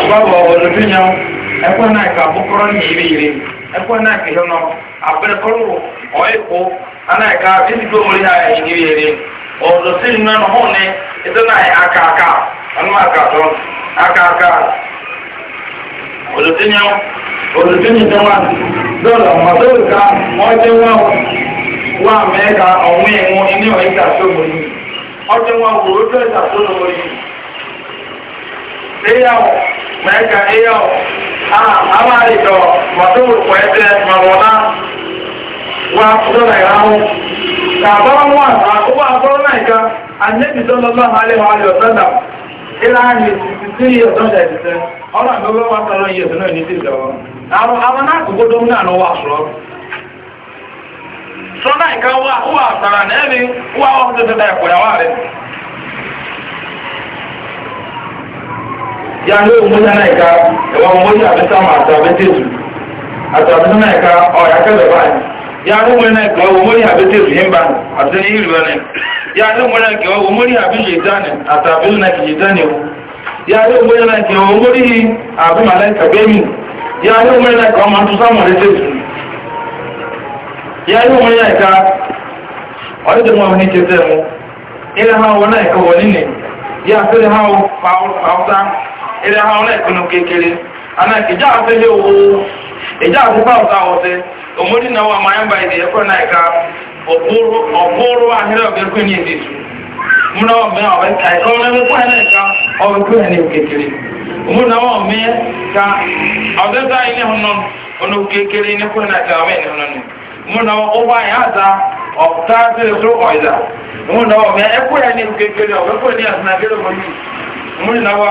S1: agbábọ̀ olùdíyàn ẹ̀kọ́ náà kà búkúrọ́ ní ìrì ìrì ẹ̀kọ́ náà kì í lọ́nà abẹ́rẹ́kọ́lù ọ̀ẹ́kọ́ anáìka bíbí omi náà ìrì ìrì ọ̀dọ̀sí nínú hàn ní ìdánà àkàkà ọ̀nà àkàtọ̀ àkàkà olùdíyàn olùdíyàn tẹ́ wá dọ́là mọ̀tòlùkà ọ̀jẹ̀ wọn wà mẹ́ka ọ̀hún ẹ̀wọ̀n ilé ọ̀ eyawo mɛka eyawo aa ama yi dɔ wato wɛtɛ mawɔna wa kudo na yi awo ka bɔra mu a ko wa bɔra na yi ka anabi sɔlɔ lɔ ma ale ma ale o sɛnda ila anyi ti yi o sɛnda yi sɛ ɔlɔ mi bɛ wa sɔlɔ yi o sɛnda yi ti sɛ alo ama na kogo dom na no wa sɔrɔ yi ka wa wa na wa wa yi wa rɛ. ya ló ń múlẹ̀ náà ká ẹ̀wọ̀n mọ́ ní àbẹ́sà mọ́ àtàbẹ́tẹ̀tù àtàbẹ́sà náà ká ọ̀yà kẹlẹ̀ báyìí ya ló ń múlẹ̀ náà ká ọ̀wọ̀n mọ́ ní àbẹ́tẹ̀tù yín bá àti ní ìlú ẹni ya ló ń múlẹ̀ náà ká ọ̀wọ̀n mọ́ ní àbẹ́yẹ dání àtàbẹ́sà náà o ya ló ń múlẹ̀ náà ká ọ̀wọ̀n mọ́ ní àbẹ́màlẹ́ kàbẹ́mì ya ló ń múlẹ̀ náà ká ọmọ àtúnṣe àmọ̀ lẹ́tẹ̀tù ya ló ń múlẹ̀ náà ká ọ̀rẹ́dẹ̀ mọ́ ní kẹsẹ̀ mu ilẹ̀ ha wọn náà ẹ̀kọ́ wọlé ni ya fẹ́rẹ̀ ha wọn fàáwọ́ta ilẹ̀ ha ọ̀rẹ́ ìpinnu kékeré àmà ìjà àfẹ́lẹ́ owó ìjà àfúgbà ọ̀tá ọ̀tẹ́ òmúdí náà wà máa ń bá ìdí ẹ̀kọ́ náà ẹ̀ka ọ̀pọ̀rọ̀ ahẹ́rẹ́ ọ̀gẹ́kú ní èdè tù múná wà mẹ́ ọ̀rẹ́ ẹ̀kọ́ náà ẹ̀ka ọ̀gẹ́kú ní kékeré múná wà mẹ́ ka ọ̀dẹ́ta ilé hùn ọ̀nà kékeré ní kúrẹ́ náà ẹ̀ka ọ̀mẹ́ ìhùn náà múná wà ó bá yà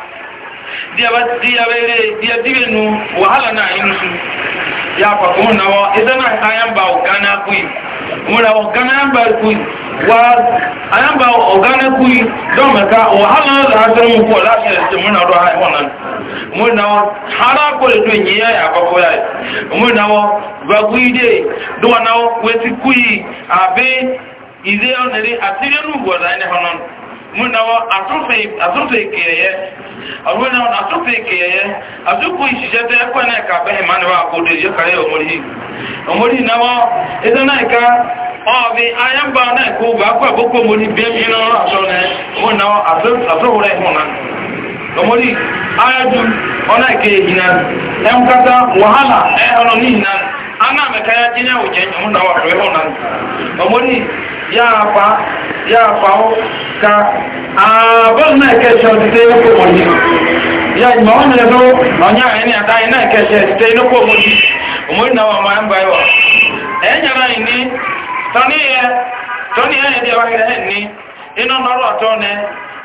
S1: dibenu wahala na inusu ya faɗo na na ogana kuyi mura ogana kuyi wa ogana kuyi don maka wahala da hasar mu ko da muna ruwa haihuwa nan hara da yi yaya ba ko yaya muna wa ba kuyi na kuyi abe ize yau a tsirin nubuwa da múnáwọ́ àtúnfẹ́ ìkẹyẹ ọ̀rọ̀nà àtúnfẹ́ ìkẹyẹ àtúnkù ìṣiṣẹ́ tẹ́ ẹ̀kọ́ náà ẹ̀ka na máa níwá àkódé yóò kàrí ọmọdé ọmọdé náwọ́ ẹ̀sẹ̀ náà ẹ̀ka ọ̀bí ayámbá náà ana mekaya jinya wuce mu na wa rewo nan omori ya pa ya pa o ka abon na ke so de ko oni ya ni ma na do ma nya ni ata ni ke se de no ko oni omori na wa ma mba yo e nya na ni tani e tani e de wa ni inu noro atone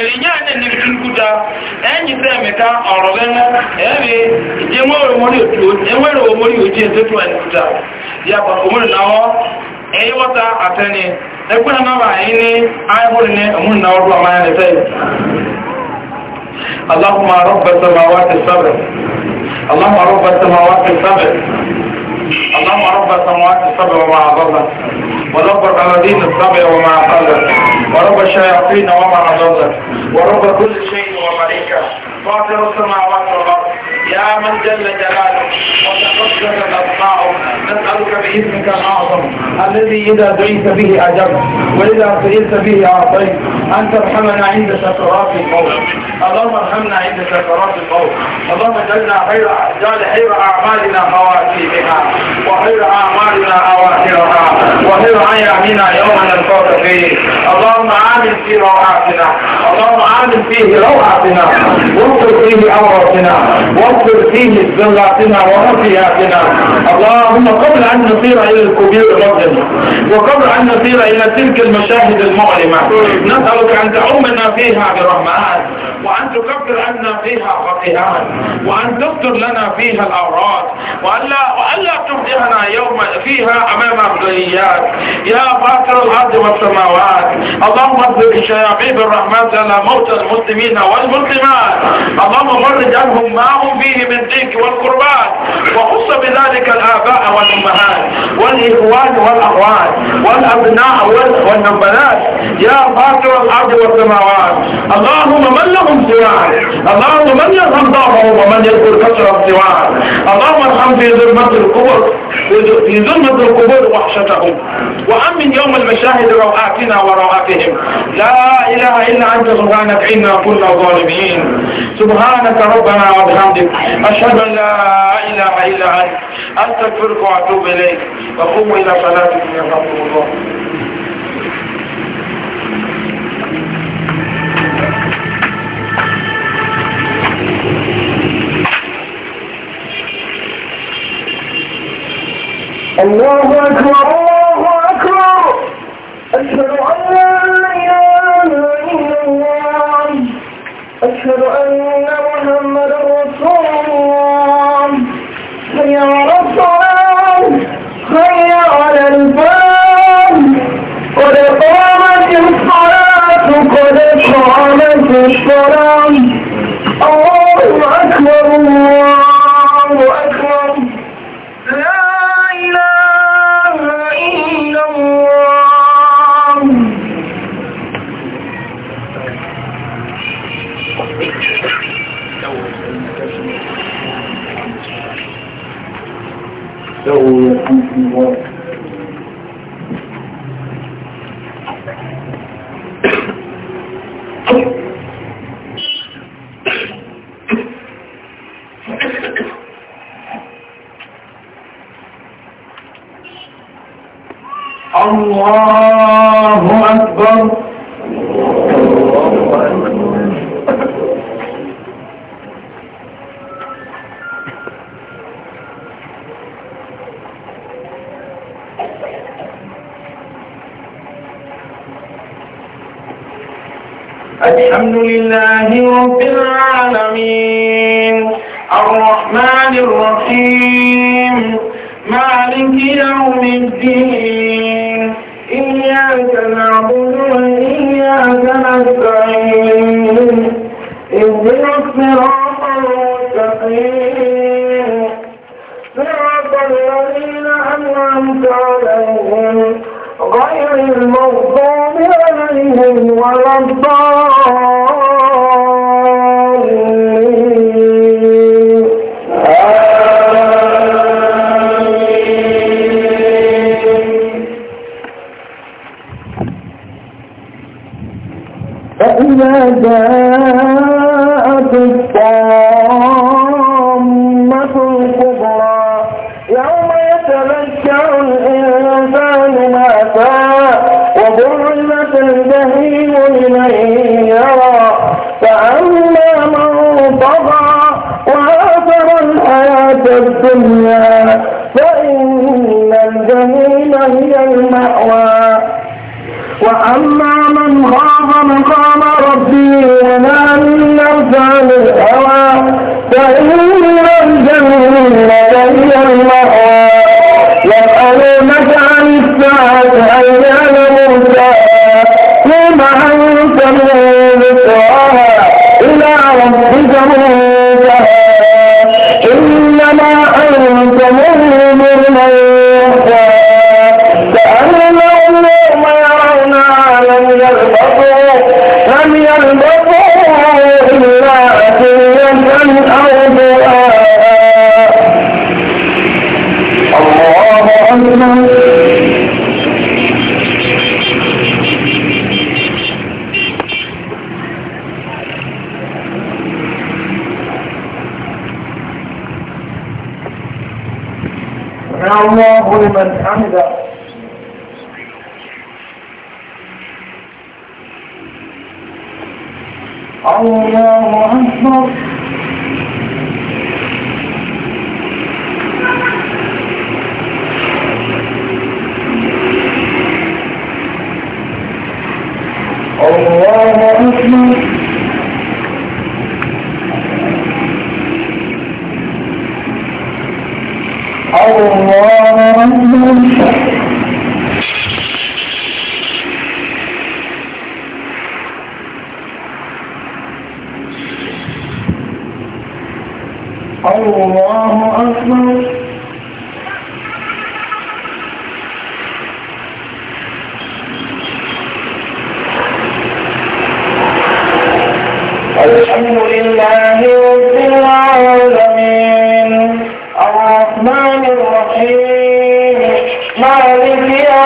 S1: èrìnyà ní nìkúta ẹ̀yìn tẹ́ mẹ́ta ọ̀rọ̀ lẹ́nu ẹ̀rẹ́ ìjẹ́wẹ́rẹ̀ omori òjì ẹ̀tẹ́tù ẹ̀nìkúta yàbọ̀ omori náwọ́ ẹ̀yíwọ́ta àtẹ́ni ẹgbẹ́ náà yìí ní ayébọ̀rẹ̀ ní omori náwọ́ rú àmáyà lẹ́fẹ́ اللهم رب السماوات السبع اللهم رب السماوات السبع اللهم رب السماوات السبع وما أضلت ورب الأرضين السبع وما أضلت ورب الشياطين وما عضلت ورب كل شيء ومليكه فاطر السماوات والارض يا من جل جلاله وتقدس الارض نسألك باسمك الأعظم الذي إذا دعيت به أجبت وإذا سئلت به أعطيت أن ترحمنا عند سكرات الموت اللهم ارحمنا عند سكرات الموت اللهم اجعلنا خير اجعل خير أعمالنا خواتيمها وخير أعمالنا أواخرها وخير أيامنا يوم نلقاك فيه اللهم آمن في
S3: روعاتنا اللهم آمن فيه روعاتنا
S1: وانصر فيه عوراتنا وانصر فيه ذلاتنا ورفياتنا اللهم وقبل أن نصير إلى الكبير الرجل وقبل أن نصير إلى تلك المشاهد المؤلمة نسألك أن تعمنا فيها برحمات وأن تكفر عنا فيها خطيئات وأن تستر لنا فيها الأوراد وألا وألا تفضحنا يوم فيها أمام ابليات يا فاتر الأرض والسماوات اللهم اصبر شياطين الرحمن على موتى المسلمين والمسلمات اللهم فرج عنهم ما هم فيه من ديك والقربات وخص بذلك الآباء والأمهات والإخوان والأخوات والأبناء والنبلات يا فاطر الأرض والسماوات اللهم من لهم سواك اللهم من يرحم ضعفهم ومن يذكر كثرهم سواك اللهم ارحم في ظلمة القبر في ظلمة القبور وحشتهم وأمن يوم المشاهد روعاتنا وروعاتهم لا إله إلا أنت سبحانك إنا كنا ظالمين سبحانك ربنا وبحمدك أشهد أن لا إله إلا أنت أنت الفرق وأتوب إليك وقوموا إلى يا رب
S3: الله الله أكبر الله أكبر أشهد أن لا إله إلا الله أشهد أن القرآن الله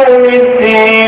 S3: يوم الدين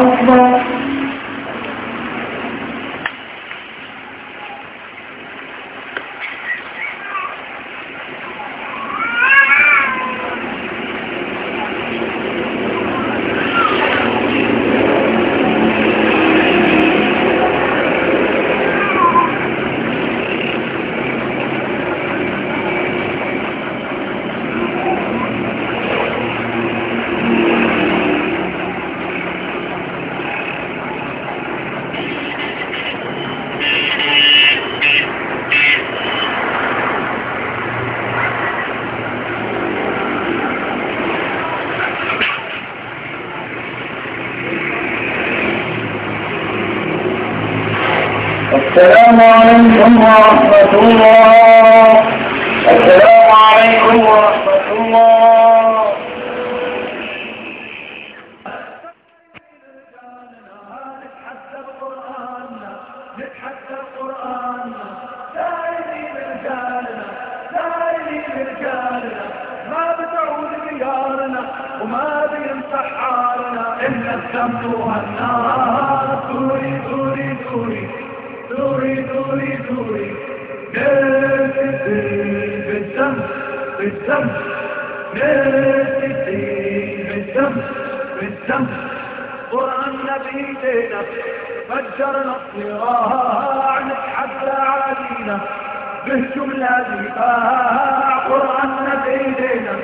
S3: أكبر عليكم ورحمة الله السلام عليكم ورحمة الله
S4: نتحدى قرآننا دائرين رجالنا دائرين رجالنا ما بتعود ديارنا وما بيمسح عارنا إلا الدم والنار دوري دوري دوري دوري دوري دوري ناسيتين بالدم فجرنا الصراع نتحدى علينا بالجملة دفاع قرآننا بإيدينا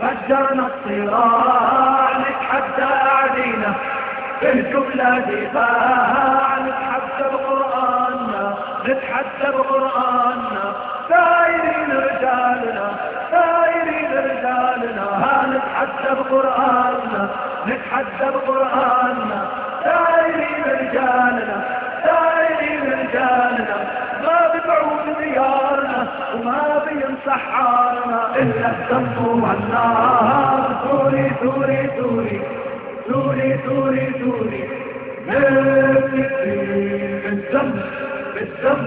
S4: فجرنا الصراع نتحدى علينا بالجملة دفاع نتحدى بقرآننا سايرين رجالنا سايرين رجالنا ها نتحدى بقرآننا نتحدى بقرآننا سايرين رجالنا سايرين رجالنا ما بتعود ديارنا وما بينصح حالنا إلا الدم والنار دوري دوري دوري دوري دوري ثوري من الدم بالدم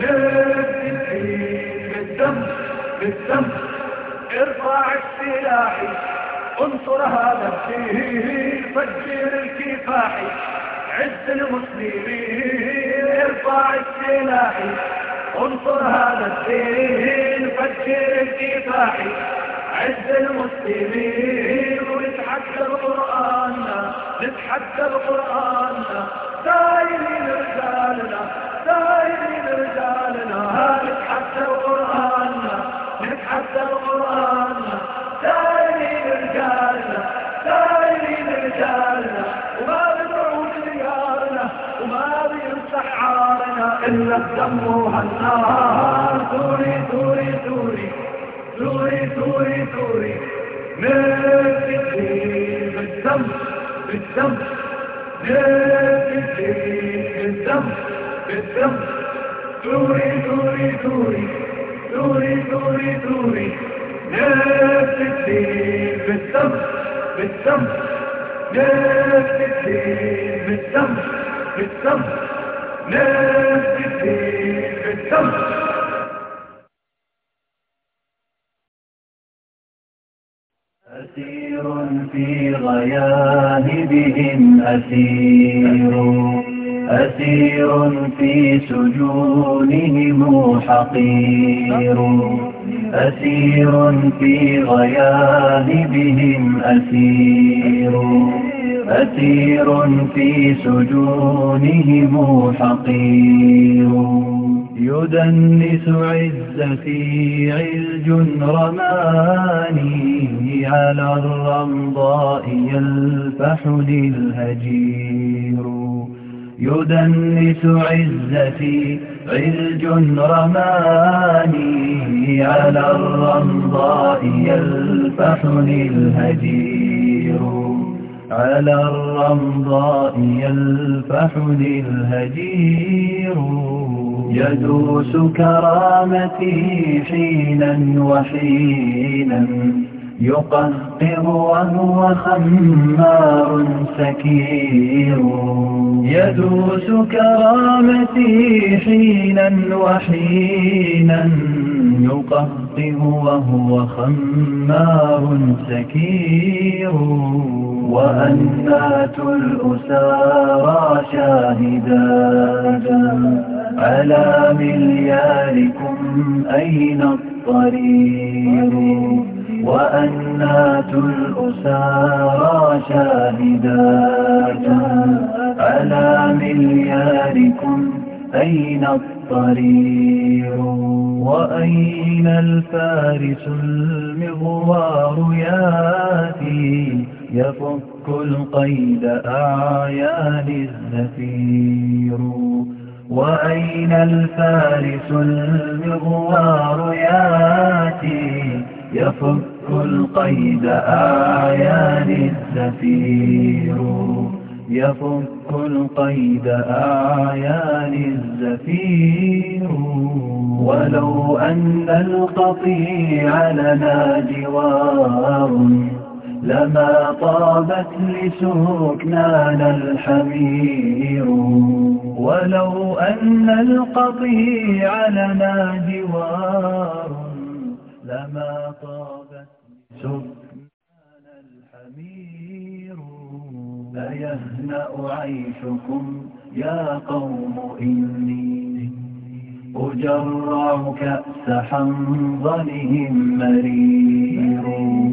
S4: نبني الدين بالدم بالدم ارفع السلاحي انصر هذا الدين فجر الكفاحي عز المسلمين ارفع السلاحي انصر هذا الدين فجر الكفاحي عز المسلمين ونتحدى القرآن نتحدى القرآن دايمين رسالنا دايمين رجالنا نتحدى القرآن نتحدى القرآن دايمين رجالنا دايمين رجالنا وما بنعود ديارنا وما بيمسح عارنا إلا الدم وهالنار دوري دوري دوري دوري دوري دوري نفتي بالدم بالدم نفتي بالدم بالسم دوري دوري دوري دوري دوري دوري نفس الدين بالسم بالسم نفس الدين بالسم بالسم نفس
S2: بالسم
S5: أسير في غياهبهم أسير أسير في سجونهم حقير أسير في غيابهم أسير أسير في سجونهم حقير يدنس عزتي علج رماني على الرمضاء يلفح للهجير يدنس عزتي علج رماني على الرمضاء يلفحني الهجير على الرمضاء يلفحني الهجير يدوس كرامتي حينا وحينا يقطر وهو خمار سكير يدوس كرامتي حينا وحينا يقطر وهو خمار سكير وأنات الأسارى شاهدات على ملياركم أين الطريق وأنات الأسارى شاهدات على ملياركم أين الطريق وأين الفارس المغوار ياتي يفك القيد أعيان الزفير وأين الفارس المغوار ياتي يفك كل قيد أعيان الزفير يفك القيد أعيان الزفير ولو أن القطيع لنا جوار لما طابت لسكنان الحمير ولو أن القطيع لنا جوار لما طابت أنتم الحمير أيهنأ عيشكم يا قوم إني أجرع كأس حنظلهم مرير